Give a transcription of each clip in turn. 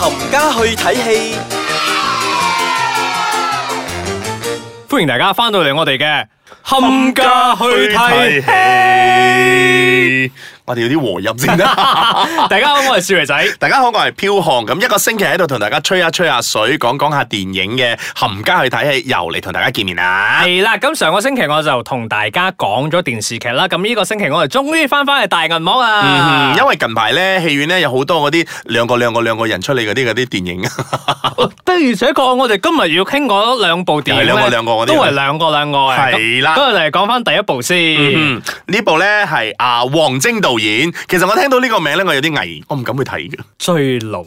冚家去睇戲，歡迎大家返到嚟我哋嘅冚家去睇戲。我哋有啲和音先啦！大家好，我係樹仔。大家好，我係飄航。咁一個星期喺度同大家吹下吹下水，講講下電影嘅，冚家去睇戲，又嚟同大家見面啦。係啦，咁上個星期我就同大家講咗電視劇啦。咁呢個星期我哋終於翻翻去大銀幕啦。嗯嗯。因為近排咧，戲院咧有好多嗰啲兩個兩個兩個人出嚟嗰啲嗰啲電影。不如講個，我哋今日要傾嗰兩部電影咧，都係兩個兩個嘅。係啦。咁我哋講翻第一部先。嗯。呢部咧係啊，王晶導演，其實我聽到呢個名咧，我有啲危，我唔敢去睇嘅。追龍，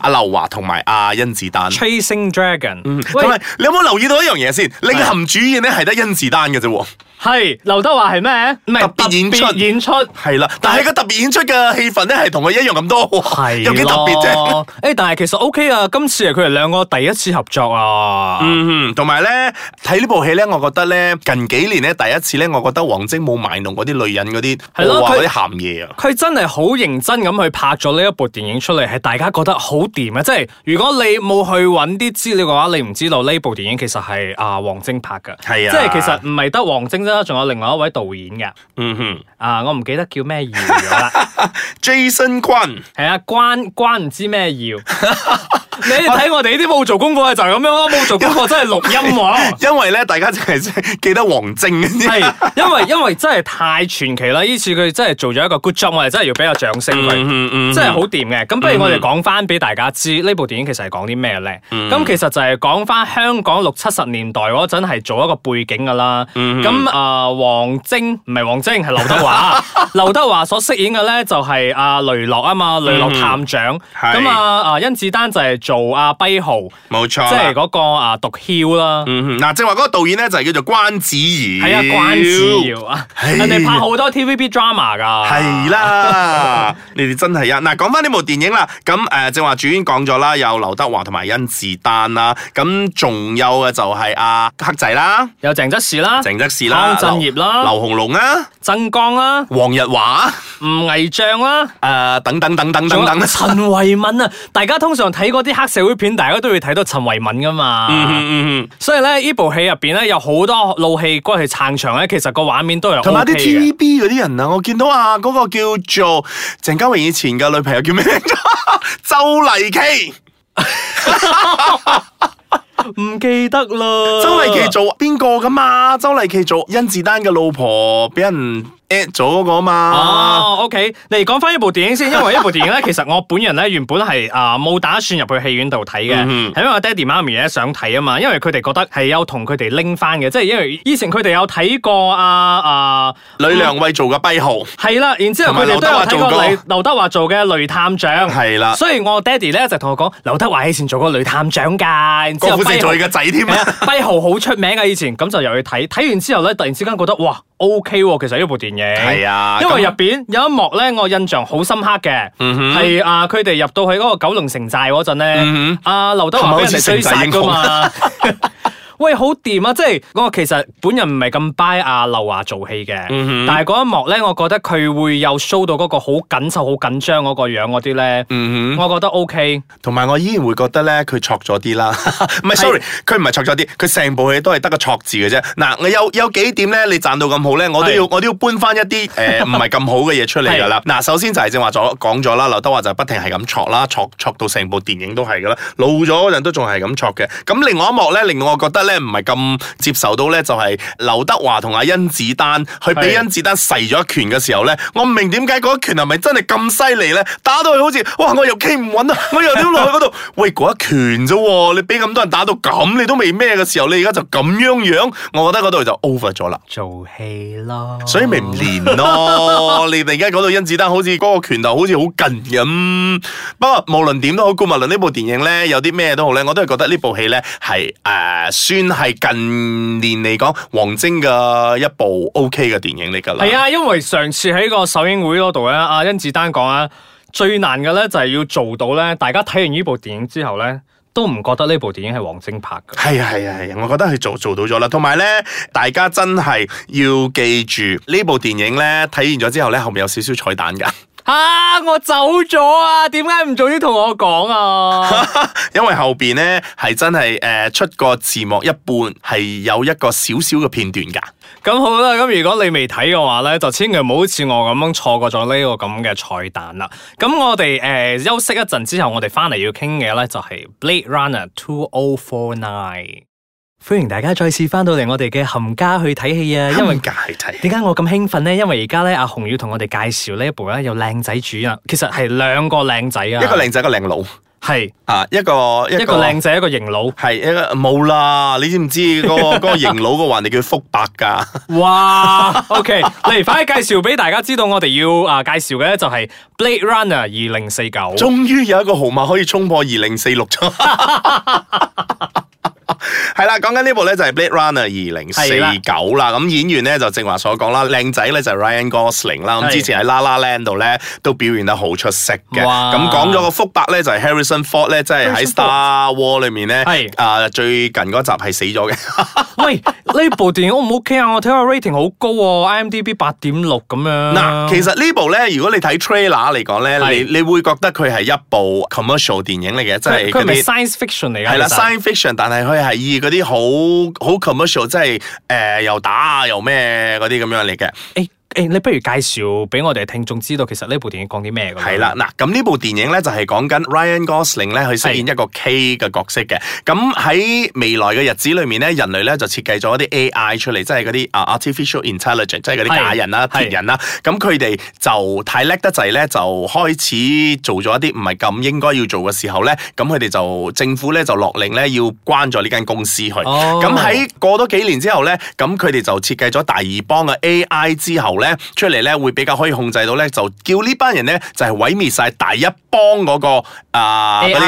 阿劉華同埋阿甄子丹 Ch、 嗯。Chasing Dragon，喂，你有冇留意到一樣嘢先？你嘅含主演咧係得甄子丹嘅啫喎。係劉德華係咩？是特別演出演出？係啦，了但係是個特別演出嘅戲份咧，係同佢一樣咁多，係了 有幾特別啫？誒、欸，但係其實 O、OK、K 啊，今次係佢哋兩個第一次合作啊。嗯哼，同埋咧睇呢部戲咧，我覺得咧近幾年咧第一次咧，我覺得王晶冇賣弄嗰啲女人嗰啲，係咯嗰啲鹹嘢啊。佢真係好認真咁去拍咗呢一部電影出嚟，係大家覺得好掂啊！即係如果你冇去揾啲資料嘅話，你唔知道呢部電影其實係啊王晶拍㗎。係啊，即係其實唔係得王晶仲有另外一位導演嘅，嗯哼，啊，我唔記得叫咩耀啦，Jason Kwan 係、啊、關係啊關關唔知咩耀。 你睇我哋呢啲冇做功課嘅就係咁樣咯，冇做功課真係錄音喎，啊。因為咧，大家淨係記得王晶，啲。 因為因為真係太傳奇啦！呢次佢真係做咗一個 good job，我哋真係要俾個掌聲佢。嗯嗯，真係好掂嘅。咁，嗯、哼不如我哋講翻俾大家知，呢、嗯、哼部電影其實係講啲咩咧？咁，嗯、哼其實就係講翻香港六七十年代嗰陣係做一個背景噶啦。咁啊、嗯哼，王、呃、晶唔係王晶係劉德華。 劉德華所飾演嘅咧就係，是，阿，啊、雷洛啊嘛，雷洛探長。咁啊啊甄子丹就係，是。做阿跛豪，冇錯，即係嗰個啊毒梟啦，嗱，正話嗰個導演咧就係叫做關智賢，係啊，關智賢，人哋拍好多 TVB drama 噶，係啦，你哋真係啊嗱，講翻呢部電影啦，咁誒正話主演講咗啦，有劉德華同埋甄子丹啦，咁仲有嘅就係阿黑仔啦，有鄭則仕啦，鄭則仕啦，湯鎮業啦，劉紅龍啊，曾江啦，黃日華，吳毅將啦，誒等等等等等等，陳惠敏啊，大家通常睇嗰啲。黑社會片大家都會睇到陳慧敏噶嘛，嗯嗯、所以咧呢部戲入邊咧有好多老戲骨去撐場咧，其實個畫面都有、OK。同埋啲 TVB 嗰啲人啊，我見到啊嗰、嗰個叫做鄭嘉穎以前嘅女朋友叫咩？ 周麗淇。唔 記得了啦。周麗淇做邊個噶嘛？周麗淇做甄子丹嘅老婆，俾人。早嗰個嘛啊嘛哦，OK，你講翻呢部電影先，因為呢部電影咧，其實我本人咧原本係啊冇打算入去戲院度睇嘅，係、嗯、哼因為我爹哋媽咪咧想睇啊嘛，因為佢哋覺得係有同佢哋拎翻嘅，即係因為以前佢哋有睇過啊，啊，呂良偉做嘅跛豪係啦、嗯，然之後佢哋都有睇劉德華做嘅雷，雷探長係啦，了所以我爹哋咧就同我講劉德華以前做過雷探長噶，然後之後做佢個仔添，跛、嗯、豪好出名啊，以前，咁就又去睇，睇完之後咧突然之間覺得哇 OK 喎、啊，其實呢部電影。係啊，因為入邊有一幕咧，我印象好深刻嘅，係、嗯、哼啊，佢哋入到去嗰個九龍城寨嗰陣咧，阿劉德華俾人追殺噶嘛。啊 喂，好掂啊！即係我其實本人唔係咁 buy 阿劉華做戲嘅，嗯、哼但係嗰一幕咧，我覺得佢會又 show 到嗰個好緊湊、好緊張嗰個樣嗰啲咧，嗯、哼我覺得 OK。同埋我依然會覺得咧，佢挫咗啲啦。唔 係是 是，sorry，佢唔係挫咗啲，佢成部戲都係得個挫字嘅啫。嗱、啊，我有有幾點咧，你賺到咁好咧，我都要是我都要搬翻一啲誒唔係咁好嘅嘢出嚟噶啦。嗱 是、啊，首先就係正話咗講咗啦，劉德華就不停係咁挫啦，挫挫到成部電影都係噶啦，老咗人都仲係咁挫嘅。咁另外一幕咧，令我覺得。咧唔係咁接受到咧，就係劉德華同阿甄子丹，去俾甄子丹勢咗一拳嘅時候咧，我唔明點解嗰一拳係咪真係咁犀利咧？打到佢好似，哇！我又企唔穩啊，我又點落去嗰度？ 喂，嗰一拳啫，你俾咁多人打到咁，你都未咩嘅時候，你而家就咁樣樣，我覺得嗰度就 over 咗啦。做戲咯，所以咪唔練咯。 你哋而家講到甄子丹好似嗰個拳頭好似好近咁，不過無論點都好，姑勿論呢部電影咧有啲咩都好咧，我都係覺得這部戲呢部戲咧係誒。算係近年嚟講，王晶嘅一部 O K 嘅電影嚟噶啦。係啊，因為上次喺個首映會嗰度咧，阿、啊、甄子丹講啊，最難嘅咧就係、是、要做到咧，大家睇完呢部電影之後咧，都唔覺得呢部電影係王晶拍嘅。係啊係啊係啊，我覺得佢做做到咗啦。同埋咧，大家真係要記住呢部電影咧，睇完咗之後咧，後面有少少彩蛋噶。啊！我走咗啊！點解唔早啲同我講啊？ 因為後邊咧係真係誒、呃、出個字幕一半係有一個小小嘅片段噶。咁好啦，咁如果你未睇嘅話咧，就千祈唔好好似我咁樣錯過咗呢個咁嘅彩蛋啦。咁我哋誒、呃、休息一陣之後，我哋翻嚟要傾嘅咧就係 Bl《Blade Runner 2049》。歡迎大家再次翻到嚟我哋嘅冚家去睇戲啊！因為梗係睇，點解我咁興奮咧？因為而家咧，阿雄要同我哋介紹呢一部咧，有靚仔主啊！其實係兩個靚仔啊！一個靚仔，一個型佬。係啊，一個一個靚仔，一個型佬。係，冇啦！你知唔知嗰嗰型佬個話，你、嗰個、 叫福伯噶？哇！OK，嚟 快啲介紹俾大家知道，我哋要啊介紹嘅咧就係《Blade Runner》二零四九。終於有一個號碼可以衝破二零四六咗。 係啦，講緊呢部咧就係《Blade Runner》二零四九啦，咁演員咧就正話所講啦，靚仔咧就係 Ryan Gosling 啦，咁之前喺《La La Land》度咧都表現得好出色嘅，咁講咗個腹白咧就係 Harrison Ford 咧，即係喺《Star War》裏面咧，啊最近嗰集係死咗嘅。喂，呢部電影好唔好 k 啊？我睇下 rating 好高喎 i m d b 八點六咁樣。嗱，其實呢部咧，如果你睇 trailer 嚟講咧，你你會覺得佢係一部 commercial 電影嚟嘅，即係佢係 science fiction 嚟嘅。係啦，science fiction，但係佢係嗰啲好好 commercial，即係誒、呃、又打又咩嗰啲咁樣嚟嘅。哎誒、欸，你不如介紹俾我哋聽眾知道，其實呢部電影講啲咩，係啦，嗱，咁呢部電影咧就係講緊 Ryan Gosling 咧去飾演一個 K 嘅角色嘅。咁喺是的 未來嘅日子裏面咧，人類咧就設計咗一啲 AI 出嚟，即係嗰啲啊 artificial intelligence，即係嗰啲假人啦、啊、敵是的 人啦、啊。咁佢哋就太叻得滯咧，就開始做咗一啲唔係咁應該要做嘅時候咧。咁佢哋就政府咧就落令咧要關咗呢間公司去。咁喺、哦、過多幾年之後咧，咁佢哋就設計咗第二幫嘅 AI 之後。咧出嚟咧，會比較可以控制到咧，就叫呢班人咧，就係毀滅晒第一幫嗰、嗰個啊，係啦，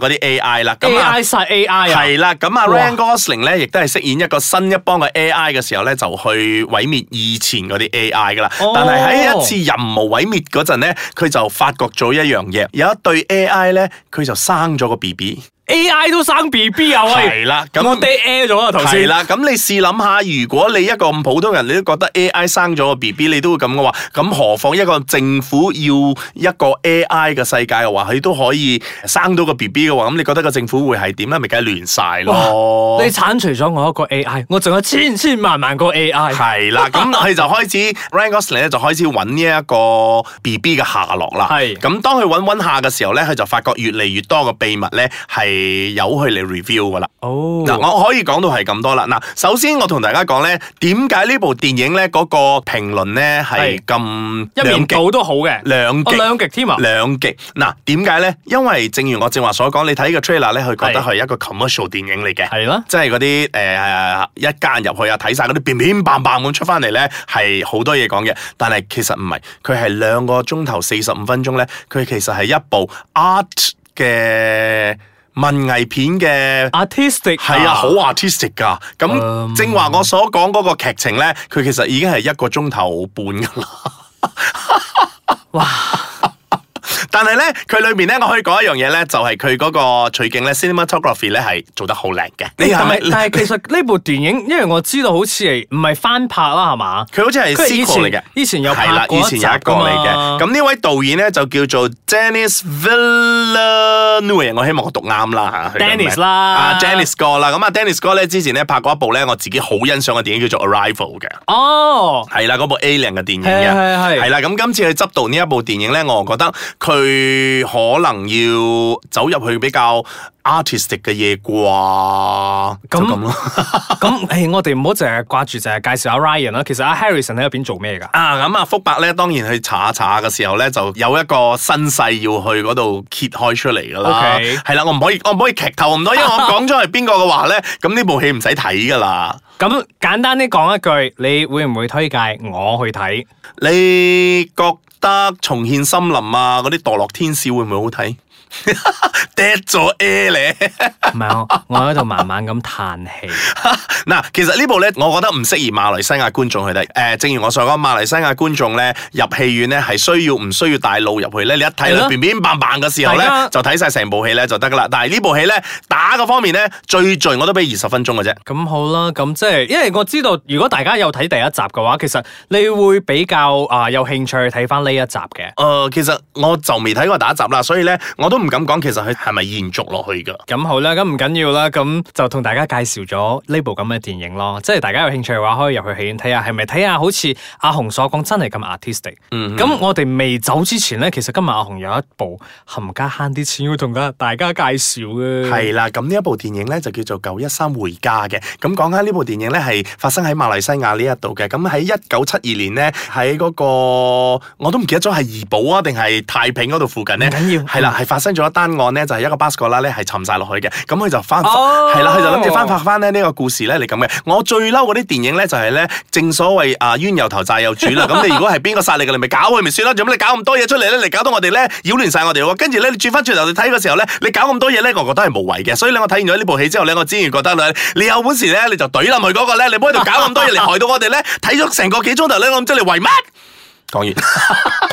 啲 AI 啦咁啊 AI 啊，係啦，咁啊 Ryan 哇 Gosling 咧，亦都係飾演一個新一幫嘅 AI 嘅時候咧，就去毀滅以前嗰啲 AI 噶啦。Oh、但係喺一次任務毀滅嗰陣咧，佢就發覺咗一樣嘢，有一對 AI 咧，佢就生咗個 BB。AI 都生 BB 啊！係啦，咁我 dead air 咗啊！頭先啦，咁你試諗下，如果你一個咁普通人，你都覺得 AI 生咗個 BB，你都會咁嘅話，咁何況一個政府要一個 AI 嘅世界嘅話，佢都可以生到個 BB 嘅話，咁你覺得個政府會係點咧？咪梗係亂晒咯！你剷除咗我一個 AI，我仲有千千萬萬個 AI。係啦，咁佢就開始 Ryan Gosling 就開始揾呢一個 BB 嘅下落啦。係是，咁當佢揾揾下嘅時候咧，佢就發覺越嚟越多嘅秘密咧係。由佢嚟 review 噶啦。哦，嗱，我可以講到係咁多啦。嗱，首先我同大家講咧，點解呢部電影咧嗰個評論咧係咁一兩極都好嘅，兩極添啊，兩極。嗱，點解咧？因為正如我正話所講，你睇個 trailer 咧，佢覺得係一個 commercial 電影嚟嘅，係咯，即係嗰啲誒，一家人入去啊，睇晒嗰啲片片棒棒咁出翻嚟咧，係好多嘢講嘅。但係其實唔係，佢係兩個鐘頭四十五分鐘咧，佢其實係一部 art 嘅。文藝片嘅，artistic，係啊，好 artistic 噶，咁正話我所講嗰個劇情咧，佢其實已經係一個鐘頭半噶啦，哇！但係咧，佢裏面咧，我可以講一樣嘢咧，就係佢嗰個取景咧，cinematography 咧係做得好靚嘅。你係咪？是是但係其實呢部電影， 因為我知道好似係唔係翻拍啦，係嘛？佢好似係 sequel 嚟嘅，以前有嚟嘅。以前有一個嚟嘅。咁呢位導演咧就叫做 Dennis Villeneuve，我希望我讀啱啦吓。Dennis 啦，啊 Dennis 哥啦。咁啊，Dennis 哥咧之前咧拍過一部咧，我自己好欣賞嘅電影叫做 Arrival 嘅。哦、oh，係啦，嗰部 alien 嘅電影嘅，係啦，咁今次去執導呢一部電影咧，我就覺得佢。佢可能要走入去比較。Artistic 嘅嘢啩，那就咁咯。咁誒那、 哎，我哋唔好淨係掛住，淨係介紹阿、啊、Ryan 啦。其實阿、啊、Harrison 喺入邊做咩噶？啊，咁啊，福伯咧，當然去查一查嘅時候咧，就有一個身世要去嗰度揭開出嚟噶啦。係啦 Okay.，我唔可以，我唔可以劇透咁多， 因為我講咗係邊個嘅話咧，咁呢部戲唔使睇噶啦。咁簡單啲講一句，你會唔會推介我去睇？你覺得重現森林啊，嗰啲墮落天使會唔會好睇？跌咗 a 咗 A 咧，唔係我，我喺度慢慢咁嘆氣。嗱，其實呢部咧，我覺得唔適宜馬來西亞觀眾去睇。誒、呃，正如我所講，馬來西亞觀眾咧入戲院咧係需要唔需要帶腦入去咧？你一睇到邊邊棒棒嘅時候咧，家就睇晒成部戲咧就得噶啦。但係呢部戲咧打嘅方面咧最盡，我都俾二十分鐘嘅啫。咁好啦，咁即係，因為我知道如果大家有睇第一集嘅話，其實你會比較啊、呃、有興趣去睇翻呢一集嘅。誒、呃，其實我就未睇過第一集啦，所以咧我都。唔敢講，其實佢係咪延續落去噶？咁好啦，咁唔緊要啦，咁就同大家介紹咗呢部咁嘅電影咯。即係大家有興趣嘅話，可以入去戲院睇下，係咪睇下好似阿紅所講真係咁 artistic？咁、嗯、哼我哋未走之前呢，其實今日阿紅有一部冚家慳啲錢要同大家介紹嘅。係啦，咁呢一部電影呢，就叫做《九一三回家》嘅。咁講緊呢部電影呢，係發生喺馬來西亞呢一度嘅。咁喺一九七二年呢，喺嗰、嗰個我都唔記得咗係怡保啊定係太平嗰度附近呢，緊要係啦，係的、嗯、發生。跟住一單案咧，就係一個巴斯光啦咧，係沉晒落去嘅，咁佢就翻係啦，佢就諗住翻拍翻咧呢個故事咧，嚟咁嘅。我最嬲嗰啲電影咧，就係咧正所謂啊冤有頭債有主啦。咁你如果係邊個殺你嘅，你咪搞佢咪算啦。做乜你搞咁多嘢出嚟咧？你搞到我哋咧，擾亂晒我哋喎。跟住咧，你轉翻轉頭你睇嘅時候咧，你搞咁多嘢咧，我覺得係無謂嘅。所以咧，我睇完咗呢部戲之後咧，我自然覺得咧，你有本事咧，你就懟冧佢個咧，你唔好喺度搞咁多嘢嚟害到我哋咧。睇咗成個幾鐘頭咧，我唔知你為乜。講完。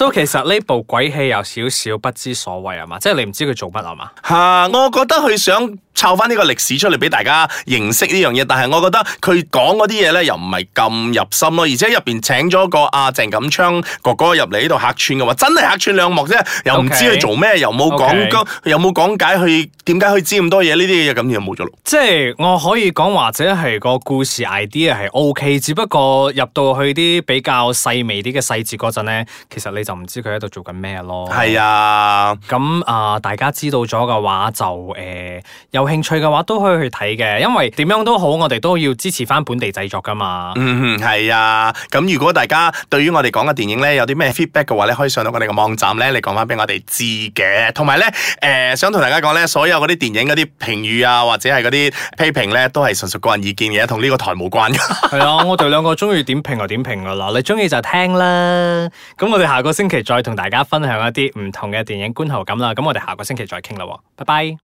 都其實呢部鬼戲有少少不知所謂啊嘛，即係你唔知佢做乜啊嘛吓，我覺得佢想抄翻呢個歷史出嚟俾大家認識呢樣嘢，但係我覺得佢講嗰啲嘢咧又唔係咁入心咯，而且入邊請咗個阿鄭錦昌哥哥入嚟呢度客串嘅話，真係客串兩幕啫，又唔知佢做咩，okay, 又冇講，okay, 又冇講解佢點解佢知咁多嘢呢啲嘢，咁樣又冇咗咯。即係我可以講，或者係個故事 idea 係 OK，只不過入到去啲比較細微啲嘅細節嗰陣咧，其實你就就唔知佢喺度做緊咩咯。係啊，咁啊、呃，大家知道咗嘅話就，就、呃、誒有興趣嘅話都可以去睇嘅，因為點樣都好，我哋都要支持翻本地製作噶嘛。嗯，係啊。咁如果大家對於我哋講嘅電影咧有啲咩 feedback 嘅話咧，可以上到我哋嘅網站咧嚟講翻俾我哋知嘅。同埋咧誒想同大家講咧，所有嗰啲電影嗰啲評語啊，或者係嗰啲批評咧，都係純屬個人意見嘅，同呢個台冇關嘅。係啊，我哋兩個中意點評就點評噶啦，你中意就聽啦。咁我哋下個。星期再同大家分享一啲唔同嘅電影觀後感啦，咁我哋下個星期再傾啦喎，拜拜。